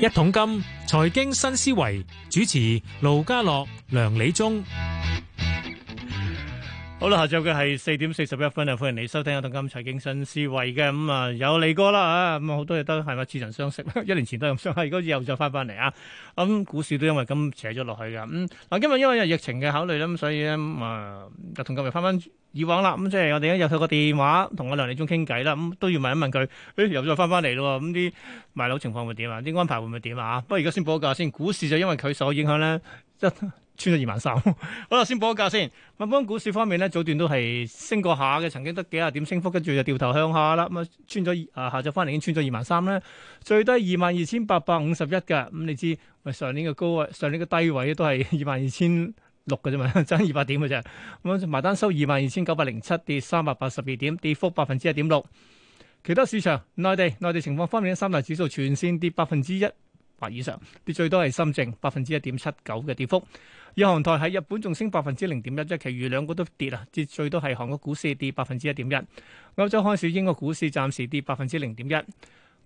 一桶金財經新思維主持盧家樂、梁理中，好啦，下晝嘅係四點四十一分啊，歡迎你收聽一桶金財經新思維嘅咁啊，有你哥啦啊，咁啊好多嘢都係咪似曾相識，一年前都咁相，而家又再翻翻嚟啊，咁、啊、股市都因為咁扯咗落去噶，咁、嗯、嗱、啊，今日因為有疫情嘅考慮啦，咁、嗯、所以咧、嗯、啊，同今日翻翻。以往啦，咁即係我哋今日透過電話同阿梁理中傾偈啦，咁都要問一問佢，誒、哎、又再翻翻嚟咯，咁啲賣樓情況會點啊？啲安排會唔會點啊？不過而家先報個價先，股市就因為佢所影響咧，一穿咗二萬三。 好啦，先報個價先。咁講股市方面咧，早段都係升過下嘅，曾經得幾廿點升幅，跟住就掉頭向下啦。咁啊，穿咗啊，下晝翻嚟已經穿咗二萬三咧，最低二萬二千八百五十一㗎。咁你知，上年嘅高位、上年嘅低位都係二萬二千。六嘅啫嘛，爭二百點嘅啫。咁埋單收二萬二千九百零七，跌三百八十二點，跌幅百分之一點六。其他市場，內地內地情況方面，三大指數全線跌百分之一或以上，跌最多係深證百分之一點七九嘅跌幅。日韓台喺日本仲升百分之零點一，即係，其餘兩個都跌啊，跌最多係韓國股市跌百分之一點一。歐洲開市，英國股市暫時跌百分之零點一。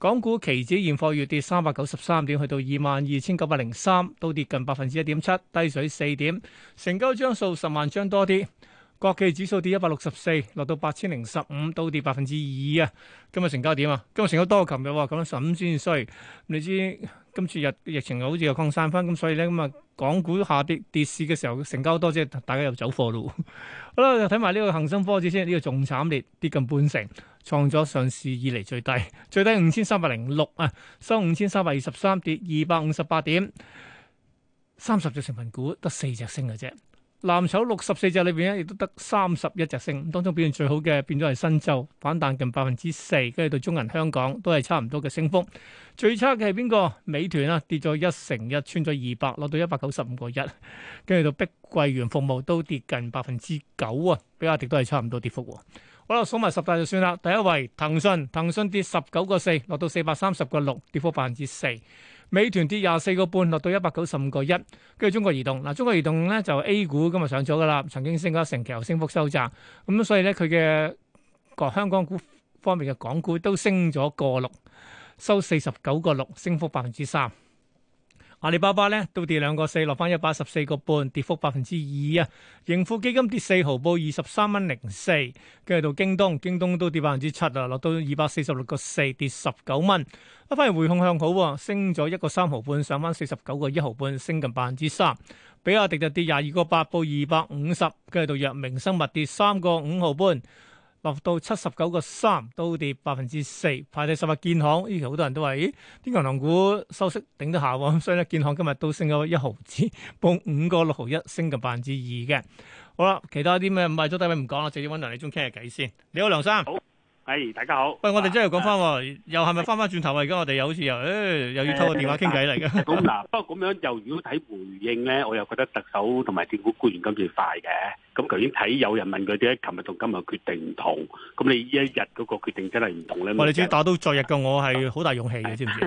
港股期指現貨月跌三百九十三點，去到二萬二千九百零三，都跌近百分之一點七，低水四點，成交張數十萬張多啲。國企指數跌一百六十四，落到八千零十五，都跌百分之二啊。今日成交點啊，今日成交多過琴日喎，咁十五先衰。你知今次日疫情好似又擴散翻，咁所以咧咁啊，港股下跌跌市嘅時候，成交多即係大家又走貨咯。好啦，又睇埋呢個恒生科技先，呢個仲慘烈，跌近半成。創咗上市以嚟最低，最低五千三百零六啊，收五千三百二十三，跌二百五十八點，三十隻成分股得四隻升嘅啫。藍籌六十四隻裏邊咧，亦都得三十一隻升，當中表現最好嘅變咗係新洲反彈近百分之四，跟住到中銀香港都係差唔多嘅升幅。最差嘅係邊個？美團啊，跌咗一成一，穿咗二百，落到一百九十五個一，跟住到碧桂園服務都跌近百分之九啊，比亞迪都係差唔多跌幅。我嚟數埋十大就算啦。第一位騰訊，騰訊跌十九個四，落到四百三十個六，跌幅百分之四。美團跌廿四個半，落到一百九十五個一。跟住中國移動，嗱，中國移動咧就 A 股今日上咗噶啦，曾經升咗成期，又升幅收窄。咁、嗯、所以咧，佢嘅各香港股方面嘅港股都升咗個六，收四十九個六，升幅百分之三。阿里巴巴咧都跌兩個四，落翻一百一十四個半，跌幅百分之二啊。盈富基金跌四毫，報二十三蚊零四。跟住到京東，京東都跌百分之七啊，落到二百四十六個四，跌十九蚊。一翻滙控向好，升咗一個三毫半，上翻四十九個一毫半，升近百分之三。比亞迪就跌廿二個八，報二百五十。跟住到藥明生物跌三個五毫半。落到七十九個三，都跌百分之四，排第十日。建行，呢期好多人都話，咦，啲銀行股收息頂得下喎、啊。所以咧，建行今日都升咗一毫子，報毫子，報五個六毫一，升咗百分之二嘅。好啦，其他啲咩唔係，咁多位唔講啦，直接揾梁理中傾下偈先。你好，梁生。係，hey，大家好。喂，我哋真係講翻，又係咪翻返轉頭啊？而家我哋又好似又，誒、欸，又要透過電話傾偈嚟嘅，咁、啊、嗱，不過咁樣又如果睇回應咧，我又覺得特首同埋政府官員今次快嘅。咁頭先睇有人問佢哋，琴日同今日決定唔同，咁你呢一日嗰個決定真係唔同咧。我哋先打到昨日嘅，我係好大勇氣嘅、啊，知唔知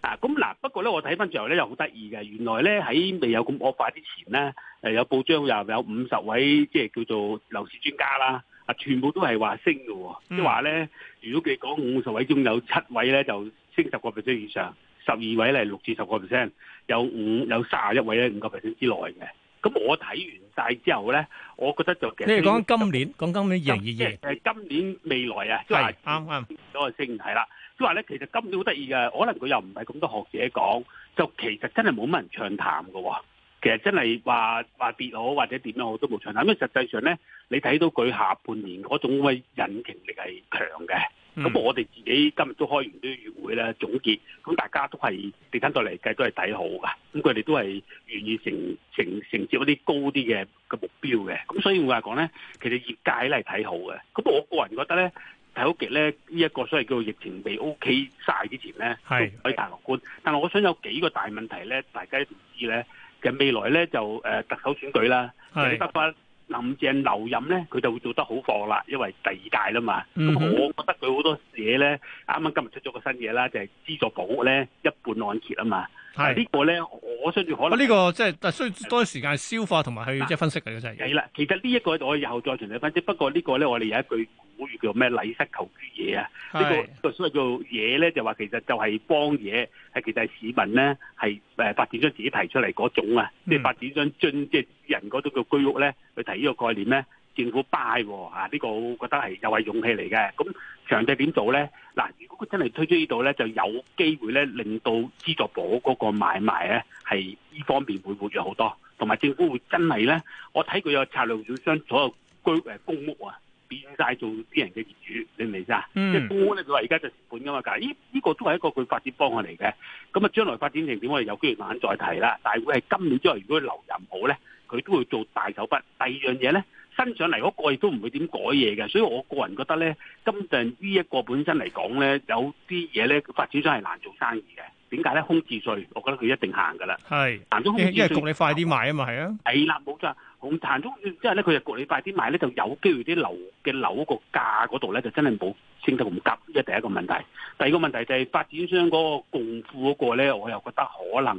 啊？咁嗱，不過咧，我睇翻最後咧又好得意嘅，原來咧喺未有咁惡化之前咧，誒有報章又有五十位即係叫做樓市專家啦。全部都係話升嘅，即係話咧，如果佢講五十位中有七位咧就升十個 percent 以上，十二位咧六至十個 percent，有五有卅一位咧五個 percent 之內嘅。咁我睇完晒之後咧，我覺得就其實即係講今年，講今年二零二二，即、嗯、係今年未來啊，即係啱啱嗰個升係啦。即係話咧，其實今年好得意嘅，可能佢又唔係咁多學者講，就其實真係冇乜人唱淡嘅。其實真係話話跌好或者點樣我都冇錯，但咁樣實際上咧，你睇到佢下半年嗰種嘅引擎力係強嘅。咁、嗯、我哋自己今日都開完啲月會咧總結，咁大家都係地產界嚟計都係睇好㗎。咁佢哋都係願意承承承接嗰啲高啲嘅嘅目標嘅。咁所以話講咧，其實業界咧係睇好嘅。咁我個人覺得咧，睇好極咧呢一、呢個所謂叫疫情未 O K 晒之前咧，係可以大樂觀。但係我想有幾個大問題咧，大家一定知咧。嘅未來咧就誒、呃、特首選舉啦，誒得翻林鄭留任咧，佢就會做得好過啦，因為第二屆啦嘛。咁、嗯、我覺得佢好多嘢咧，啱啱今日出咗個新嘢啦，就係、是、資助保咧一半按揭啊嘛。係呢個咧，我相信可能。呢、啊這個即係但需要多啲時間消化同埋去即係分析嘅，真係。係、就、啦、是，其實呢一個我以後再同你分析，不過這個呢個咧我哋有一句。好叫咩？禮失求諸野啊！呢個個所謂叫嘢咧，就話其實就係幫嘢，係其實市民咧係誒發展商自己提出嚟嗰種啊，即係發展商進即係人嗰度嘅居屋咧去提呢個概念咧，政府 buy 喎啊！呢個我覺得係又係勇氣嚟嘅。咁詳細點做咧？嗱，如果佢真係推出呢度咧，就有機會咧令到資助房嗰個買賣咧係呢方面會活躍好多，同埋政府會真係咧，我睇佢有策略要將所有居誒公屋啊。變晒做啲人嘅業主，你明唔明先啊？即係官咧，佢話而家就蝕本噶嘛，但係依依個都係一個佢發展方案嚟嘅。咁啊，將來發展成點我哋有機會慢慢再提啦。但係會係今年之後，如果佢留任好咧，佢都會做大手筆。第二樣嘢咧，新上嚟嗰個亦都唔會點改嘢嘅。所以我個人覺得咧，今定呢一個本身嚟講咧，有啲嘢咧，發展商係難做生意嘅。點解咧？空置稅，我覺得佢一定行噶啦。係難中空置稅，因為焗你快啲賣啊嘛，係啊。係啦，冇錯。咁行中，即係咧佢又叫你快啲買咧，就有機會啲樓嘅樓個價嗰度咧就真係冇升得咁急，即係第一個問題。第二個問題就係發展商嗰個共庫嗰個咧，我又覺得可能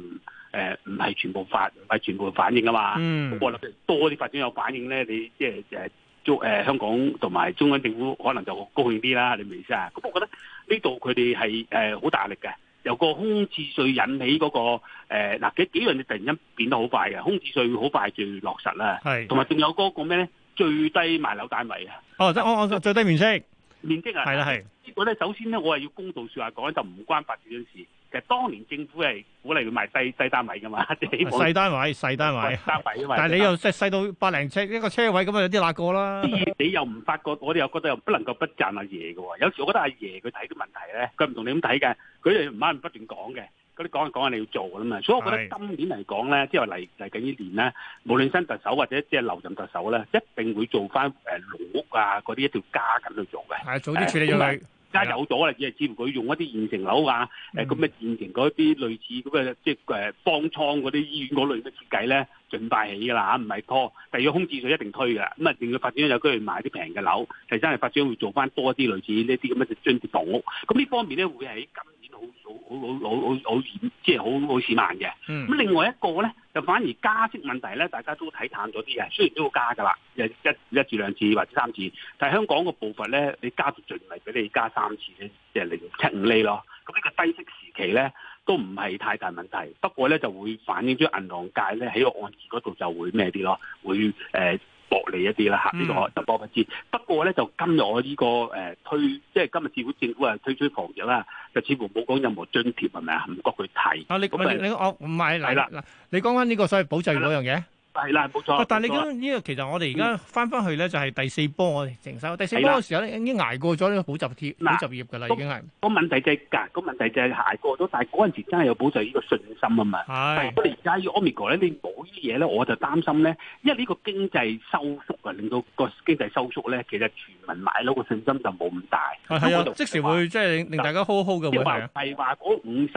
誒唔係全部反唔係全部反應啊嘛。我、嗯、諗多啲發展有反應咧，你即係誒中誒香港同埋中央政府可能就高興啲啦，你明唔明啊？咁我覺得呢度佢哋係誒好大力嘅。由個空置稅引起嗰，那個嗱，幾幾樣嘢突然間變得好快嘅，空置稅好快就要落實啦，係，同埋仲有嗰個咩咧？最低賣樓單位啊！哦，即，啊，係我按最低面積。面積啊，係啦係。我咧，首先咧，我係要公道說話講，就唔關發展嘅事。其實當年政府係鼓勵佢賣細細單位噶嘛細單位，細單位。單位啊嘛。但係你又細細到百零尺一個車位咁啊，有啲難過啦。你又唔發覺，我哋又覺得又不能夠不贊阿爺嘅喎。有時我覺得阿爺佢睇啲問題咧，佢唔同你咁睇嘅，佢哋唔啱不斷講嘅。啲講下講下你要做噶嘛，所以我覺得今年嚟講咧，即係嚟嚟緊呢年咧，無論新特首或者即係留任特首咧，一定會做翻誒老屋啊嗰啲，一條加緊去做嘅。係早啲處理咗啦，家、呃、有咗啦，只係只係佢用一啲現成樓啊，誒咁嘅現成嗰啲類似咁嘅即係誒方艙嗰啲醫院嗰類嘅設計咧，儘快起噶啦嚇，唔係拖。第二個空置稅一定推嘅，咁啊令佢發展有機會買啲平嘅樓，第三係發展會做翻多啲類似呢啲咁嘅嘅房屋。咁呢方面咧會喺今。好好好好好即係好好似慢嘅。咁 另外一個咧，就反而加息問題咧，大家都睇淡咗啲嘅。雖然都要加噶啦，一一一至兩次或者三次，但係香港個步伐咧，你加極盡係俾你加三次咧，即係零七五厘咯。咁呢個低息時期咧，都唔係太大問題。不過咧，就會反映咗銀行界咧，喺個案字嗰度就會咩啲咯，會誒。呃獲利一啲啦，吓呢個就不不知。不過咧，就今日我呢、這個誒、呃、推，即係今日政府政府啊、哎、推出防疫啦，就似乎冇講任何津貼，係咪啊？唔覺佢睇啊，你你我唔係嚟啦嗱，你講翻呢個所謂保障嗰樣嘢。係啦，冇錯。但係你咁呢個其實我哋而家翻翻去咧，就係第四波我哋承受。第四波嘅時候咧，已經捱過咗呢個補習業，補習業嘅啦，已經係。個問題就係㗎，個問題就係捱過咗，但係嗰陣時真係有補習呢個信心啊嘛。係。我哋而家要 Omicron 咧，你冇呢啲嘢咧，我就擔心咧，因為呢個經濟收縮啊，令到個經濟收縮咧，其實全民買樓個信心就冇咁大。係啊，即時會即係令大家 hold hold 嘅。即係唔係話嗰五十？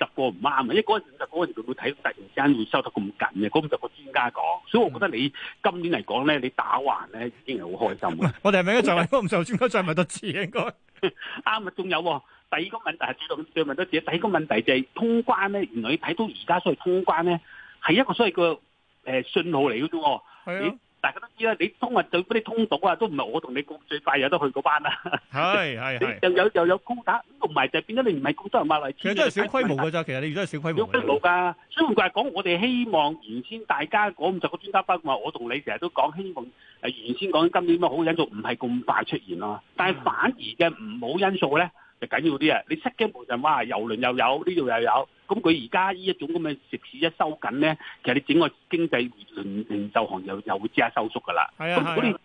十個唔啱啊！因為嗰陣時時佢會睇，突然之間會收得咁緊嘅。五十個專家講，所以我覺得你今年嚟講咧，你打橫咧已經係好開心。我哋係咪應該再問嗰五十個專家再問多次？應該啱啊！仲有第二個問題，主動再問多次。 第二個問題,問個問題就係、是、通關咧，原來你睇到而家所謂通關咧係一個所謂嘅誒信號嚟嘅啫。係、欸、啊。嗯大家都知啦，你通啊，對嗰啲通道啊，都唔係我同你最快有得去嗰班啦。係係係，又有又有高打，同埋就係變咗你唔係廣州人買嚟。其實都係小規模㗎咋，其實你都係小規模。小規模㗎，所以唔怪講，我哋希望原先大家嗰五十個專家班話，我同你成日都講，希望原先講今年咁好嘅因素唔係咁快出現咯。但係反而嘅唔好因素咧。就緊要啲啊！你失驚無神，哇遊輪又有呢度又有，咁佢而家呢一種咁嘅食肆一收緊咧，其實你整個經濟連零售行又又會即刻收縮噶啦。啊咁如果你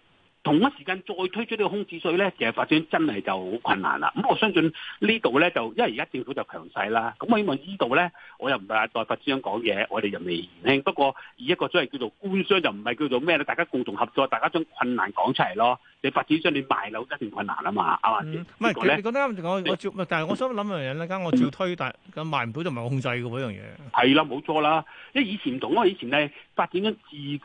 同一時間再推出呢個空置稅咧，其實發展真係就好困難啦。咁我相信呢度咧就因為而家政府就強勢啦。咁我希望呢度咧，我又唔係代發展商講嘢，我哋就未年輕。不過以一個真係叫做官商，就唔係叫做咩咧？大家共同合作，大家將困難講出嚟咯。你發展商你賣樓一定困難啊嘛，啱唔啱先？唔係，你覺得啱定講？我照，但係我想諗一樣嘢咧，啱我照推，但係賣唔到就唔係我控制嘅嗰樣嘢。係啦，冇錯啦。即係以前唔同，我以前咧發展商自己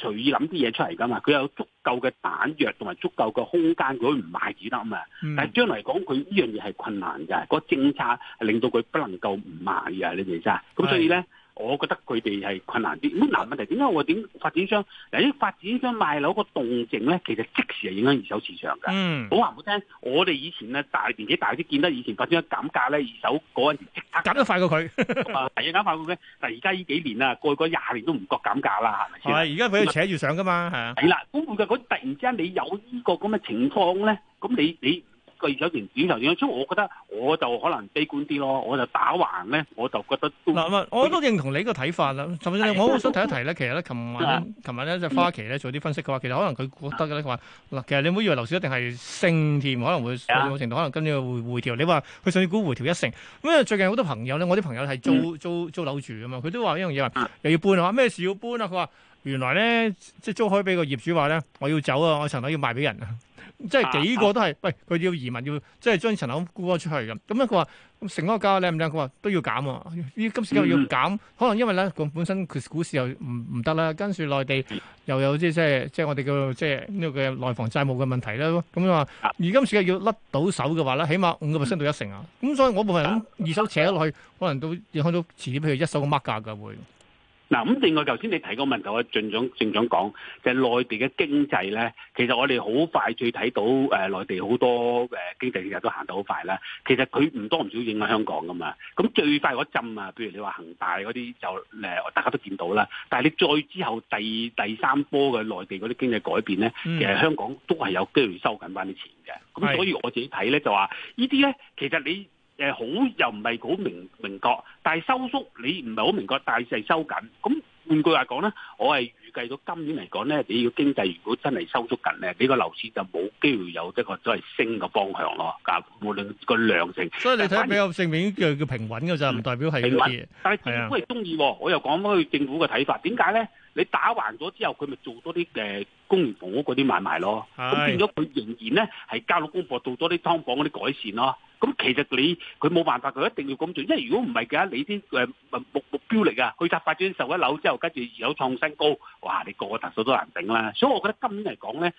隨意諗啲嘢出嚟㗎嘛，佢有足夠嘅彈藥同埋足夠嘅空間，佢唔賣只得啊嘛。嗯、但係將來講，佢呢樣嘢係困難嘅，個政策係令到佢不能夠唔賣啊！你明唔明啊？咁所以咧。我覺得佢哋係困難啲咁，難問題點解我點發展商嗱，啲發展商賣樓個動靜咧，其實即時係影響二手市場嘅。好話唔好聽，我哋以前咧大年紀大啲，見得以前發展商減價咧，二手嗰陣時即刻減得快過佢啊，第一減快過佢。但係而家呢幾年啊，過去廿年都唔覺減價啦，係咪先？係而家俾佢扯住上噶嘛，係啊。係啦，咁會唔會突然之間你有呢個咁嘅情況咧？咁你你。你而咗件短頭，所以我覺得我就可能悲觀啲咯，我就打橫咧，我就覺得都嗱，我都認同你個睇法啦。咁樣，我我想提一提咧，其實咧，琴、啊、晚琴日咧，就花旗咧做啲分析嘅話，其實可能佢覺得咧，佢話嗱，其實你唔好以為樓市一定係升添，可能會某程度可能跟住會回調。你話佢上啲股回調一成，咁啊，最近好多朋友咧，我啲朋友係租、嗯、租租樓住啊嘛，佢都話一樣嘢話，又要搬啊，咩事要搬啊？佢話原來咧，即係租開俾個業主話咧，我要走啊，我層樓要賣俾人啊。即係幾個都係喂，佢要移民要即係將層樓估咗出去咁。咁咧佢話咁成個價靚唔靚？佢話都要減啊！而今時又要減，可能因為咧佢本身佢股市又唔唔得啦。跟住內地又有啲即係即係我哋叫即係呢個嘅內房債務嘅問題啦。咁話而今時又要甩到手嘅話咧，起碼五個 percent 到一成啊。咁所以我部分人二手扯落去，可能都影響到遲啲，譬如一手嘅 mark 價噶會。嗱，咁另外頭先你提個問題，我進總政總講就係、是、內地嘅經濟咧，其實我哋好快最睇到誒、呃、內地好多誒、呃、經濟嘅嘢都行得好快啦。其實佢唔多唔少影響香港㗎嘛。咁最快嗰陣啊，譬如你話恒大嗰啲就、呃、大家都見到啦。但係你再之後第第三波嘅內地嗰啲經濟改變咧、嗯，其實香港都係有機會收緊翻啲錢嘅。咁所以我自己睇咧就話，呢啲咧其實你。誒，好又唔係好明明確，但係收縮你唔係好明確，但係係收緊。咁換句話講咧，我係預計到今年嚟講咧，你個經濟如果真係收縮緊咧，你個樓市就冇機會有一個再升嘅方向咯。咁無論個量性，所以你睇比較正面叫叫平穩嘅啫，唔代表係嗰啲。平穩，係係。但係政府係中意，我又講返去政府嘅睇法，點解咧？你打橫咗之後，佢咪做多啲誒公寓、房屋公營房屋嗰啲買賣咯？咁變咗佢仍然咧係交咗功課做咗啲劏房嗰啲改善咯。咁其實你佢冇辦法，佢一定要咁做，因為如果唔係嘅，你啲誒目目標嚟㗎，去扎發展啲售屋樓之後，跟住有創新高，哇！你個個特首都難頂啦。所以我覺得今年嚟講咧，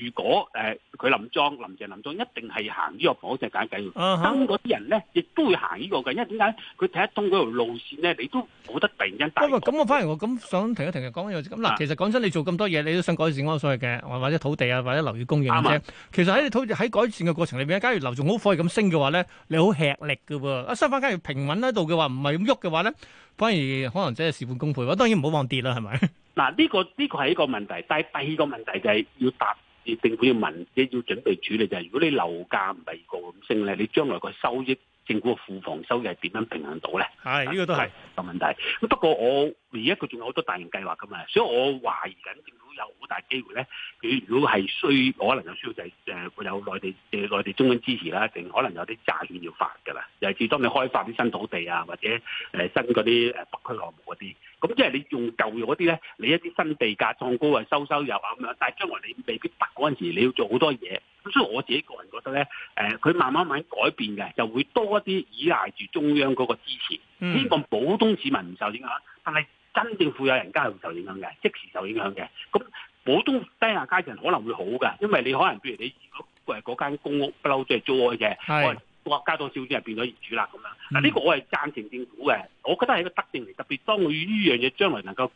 如果誒佢林鄭林鄭林鄭，一定係行呢個火石揀計，跟嗰啲人咧亦都會行呢個㗎。因為點解咧？佢睇得通嗰條路線咧，你都冇得突然間。不過咁，我反而我咁想停一停嘅，講咗又咁嗱。其實講真，你做咁多嘢，你都想改善我所謂嘅或者土地啊，或者樓宇供應啫。其實喺土地喺改善嘅過程裏邊，假如樓仲好快咁升。嘅話咧，你好吃力噶喎，啊相反，假如平穩喺度嘅話，唔係咁喐嘅話咧，反而可能真係事半功倍。我當然唔好望跌啦，係咪？嗱、這個，呢、這個呢個係一個問題，但係第二個問題就係要答政府要問，你要準備處理就係、是，如果你樓價唔係、這個咁升咧，你將來個收益。政府嘅庫房收益係點樣平衡到咧？係呢、這個都係個問題。咁不過我而家佢仲有好多大型計劃噶嘛，所以我懷疑緊政府有好大機會咧。佢如果係需，可能有需要就誒會有內地嘅內地中央支持啦，定可能有啲債券要發噶啦。尤其係當你開發啲新土地啊，或者誒新嗰啲誒北區項目嗰啲，咁即係你用舊嗰啲咧，你一啲新地價創高啊，收收入啊咁樣。但係將來你未必得嗰陣時候，你要做好多嘢。咁所以我自己個人。咧、嗯，誒佢慢慢慢慢改變嘅，就會多一啲依賴住中央嗰個支持，希望普通市民唔受影響。但係真正富有人家係唔受影響嘅，即時受影響嘅。咁普通低下階層可能會好嘅，因為你可能譬如你如果誒嗰間公屋不嬲，即係租嘅嘢，國家多少少係變咗業主啦咁樣。嗱呢個我係贊成政府嘅，我覺得係一個肯定嚟，特別當佢呢樣嘢將來能夠。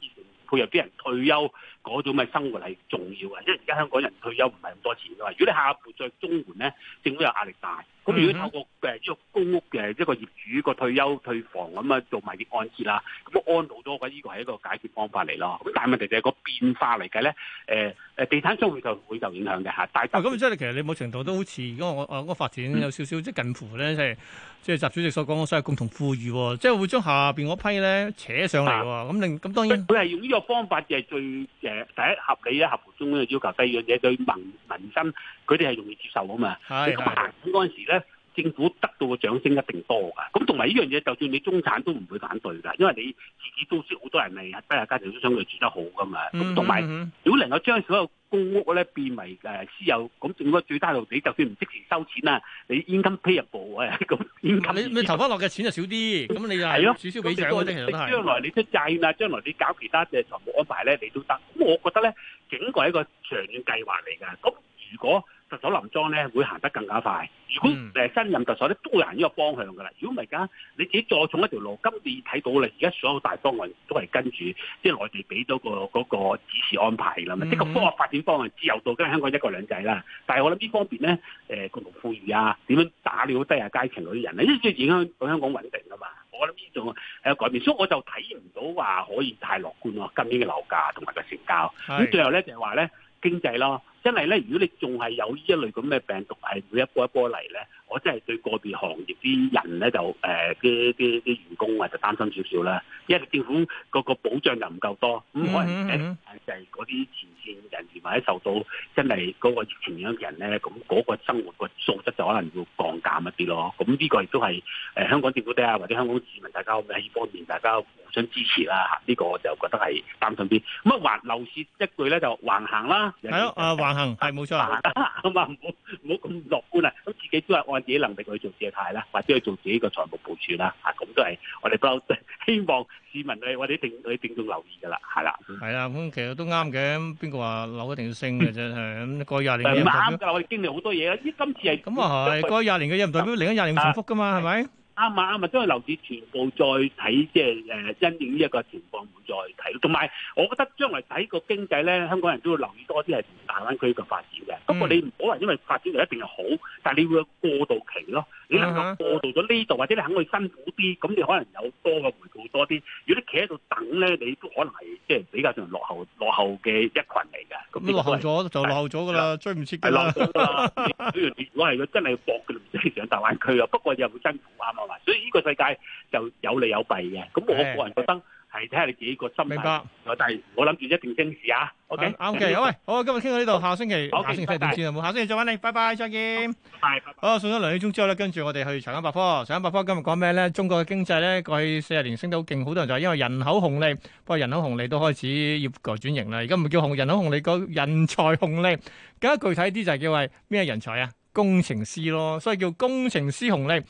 配合啲人退休嗰種咩生活係重要嘅，因為而家香港人退休唔係咁多錢㗎嘛，如果你下一步再中撥咧，政府又壓力大。嗯、如果透過誒呢個公屋嘅一個業主個退休退房咁啊，做埋啲安置啦，咁安到咗，咁呢個係一個解決方法嚟咯。咁但係問題就係、是、個變化嚟嘅咧，誒誒，地產商會就會受影響嘅嚇。但係咁即係其實你冇程度都好似如果我我個發展有少少、嗯、即近乎咧，即係即係習主席所講嘅所謂共同富裕，即係會將下邊嗰批咧扯上嚟喎。咁另咁當然，佢係用呢個方法就係最誒第一合理咧，合乎中嘅要求。第二樣嘢對民、嗯、民生，佢哋係容易接受啊嘛。你咁行緊嗰陣時咧。政府得到嘅掌聲一定多噶，咁同埋呢樣嘢，就算你中產都唔會反對㗎，因為你自己都知好多人係低下階層都想佢住得好噶嘛。咁同埋，如果能夠將所有公屋咧變為誒私有，咁應該最低限度你就算唔即時收錢啊，你現金批入部啊，咁你你投翻落嘅錢就少啲。咁 你係咯，儲少幾張嗰啲其實都係。將來你出債啦，將來你搞其他嘅財務安排咧，你都得。咁我覺得咧，整個係一個長遠計劃嚟㗎。咁如果特首林鄭咧會行得更加快。如果誒、呃、新任特首咧都會行呢個方向噶啦。如果唔係而家你自己坐重一條路，今次睇到啦，而家所有大方案都係跟住即係內地俾咗個嗰指示安排啦。咁呢個科學發展方案只有到今香港一國兩制啦。但係我諗呢方面咧誒共同富裕啊，點樣打理好低下階層嗰啲人咧，因為影響到香港穩定啊嘛。我諗呢種係改變，所以我就睇唔到話可以太樂觀咯。今年嘅樓價同埋個成交咁，最後咧就係話咧經濟咯。因為咧，如果你仲係有呢一類咁嘅病毒係每一波一波嚟咧，我真係對個別行業啲人咧就誒啲啲啲員工啊就擔心少少啦。因為政府嗰個保障就唔夠多，咁可能誒就係嗰啲前線人員或者受到真係嗰個疫情影響咁嘅人咧，咁嗰個生活個素質就可能要降減一啲咯。咁呢個亦都係誒香港政府啊或者香港市民大家喺呢方面大家互相支持啦。呢個我就覺得係擔心啲。咁啊橫樓市一句咧就橫行啦。係咯，誒橫。係冇錯，咁啊唔好唔好咁樂觀啊！咁自己都係按自己能力去做借貸啦，或者去做自己個財務部署啦。啊，咁都係我哋都希望市民係或者定去鄭重留意噶啦，係啦，係啦。咁其實都啱嘅。邊個話樓一定升嘅啫？係咁過廿年。唔係啱噶，我哋經歷好多嘢啊！咦今次係咁啊係，過廿年嘅嘢唔代表另一廿年重複噶嘛係咪？啱嘛啱嘛，將個樓市全部再睇，即係誒，針對呢一個情況再睇。同埋，我覺得將來睇個經濟呢，香港人都會留意多啲係大灣區嘅發展嘅。嗯、不過你唔好話，因為發展就一定係好，但係你會過渡期囉。你能夠過渡咗呢度，或者你肯去辛苦啲，咁你可能有多嘅回報多啲。如果你企喺度等咧，你都可能係即係比較上落後落後嘅一羣嚟嘅。咁落後咗就落後咗噶啦，追唔切嘅。落後啦！如果係要真係要搏嘅，唔使上大灣區啊。不過又會辛苦啱啊嘛。所以呢個世界就有利有弊嘅。咁我個人覺得。係睇下你自己個心態，明白。但我但係我諗住一定要堅持啊。OK，OK、okay。好喂，好，今日傾到呢度，okay, 下星期 okay, 下星期翻嚟先，okay, okay. 下星期再揾你。拜拜，再見。係、okay, 好，送咗兩分鐘之後咧，跟住我哋去長安百科。長安百科今日講咩咧？中國嘅經濟咧，過去四十年升得好勁，好多人就係因為人口紅利，不過人口紅利都開始要改轉型啦。而家唔叫紅人口紅利，個人才紅利，更加具體啲就係叫係咩人才啊？工程師咯，所以叫工程師紅利。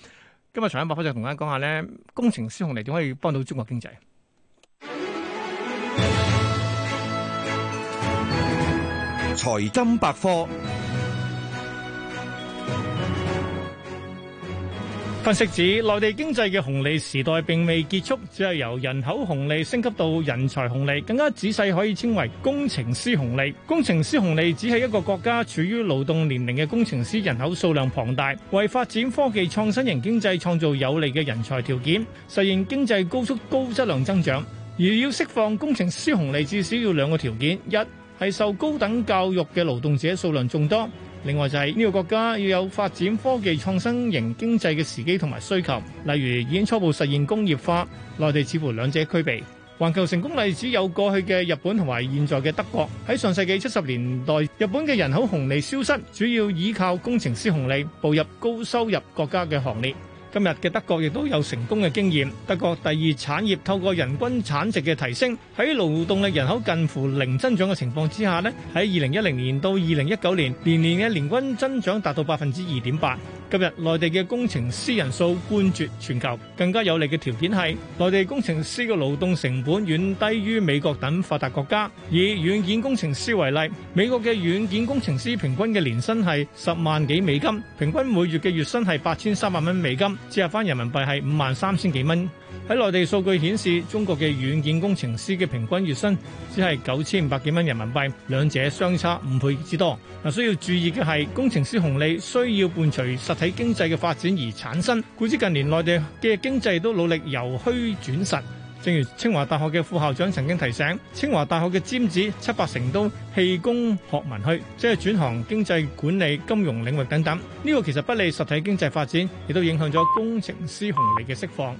今日長安百科就同大家講下咧，工程師紅利點可以幫到中國經濟。財金百科分析指，內地經濟嘅紅利時代並未結束，只係由人口紅利升級到人才紅利，更加仔細可以稱為工程師紅利。工程師紅利只係一個國家處於勞動年齡嘅工程師人口數量龐大，為發展科技創新型經濟創造有利嘅人才條件，實現經濟高速高質量增長。而要釋放工程師紅利，至少要兩個條件：一係受高等教育嘅勞動者數量眾多；另外就係呢個國家要有發展科技創新型經濟嘅時機同埋需求。例如已經初步實現工業化，內地似乎兩者俱備。環球成功例子有過去嘅日本同埋現在嘅德國。喺上世紀七十年代，日本嘅人口紅利消失，主要依靠工程師紅利步入高收入國家嘅行列。今日嘅德國亦都有成功嘅經驗，德國第二產業透過人均產值嘅提升，喺勞動力人口近乎零增長嘅情況之下咧，喺二零一零年到二零一九年年年嘅年均增長達到百分之二點八。今日內地嘅工程師人數冠絕全球，更加有利嘅條件係內地工程師嘅勞動成本遠低於美國等發達國家。以軟件工程師為例，美國嘅軟件工程師平均嘅年薪係十萬幾美金，平均每月嘅月薪係八千三百蚊美金，折合翻人民幣係五萬三千幾蚊。喺內地數據顯示，中國嘅軟件工程師嘅平均月薪只係九千五百幾蚊人民幣，兩者相差五倍之多。嗱，需要注意嘅係，工程師紅利需要伴隨實。體經濟嘅發展而產生，故此近年內地嘅經濟都努力由虛轉實。正如清華大學嘅副校長曾經提醒，清華大學嘅尖子七八成都棄工學文虛，即係轉行經濟管理、金融領域等等。呢個其實不利實體經濟發展，亦都影響咗工程師紅利嘅釋放。